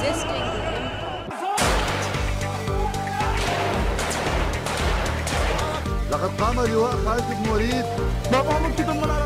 resisting لقد قام اللواء خالد بن وليد ما بعمل كده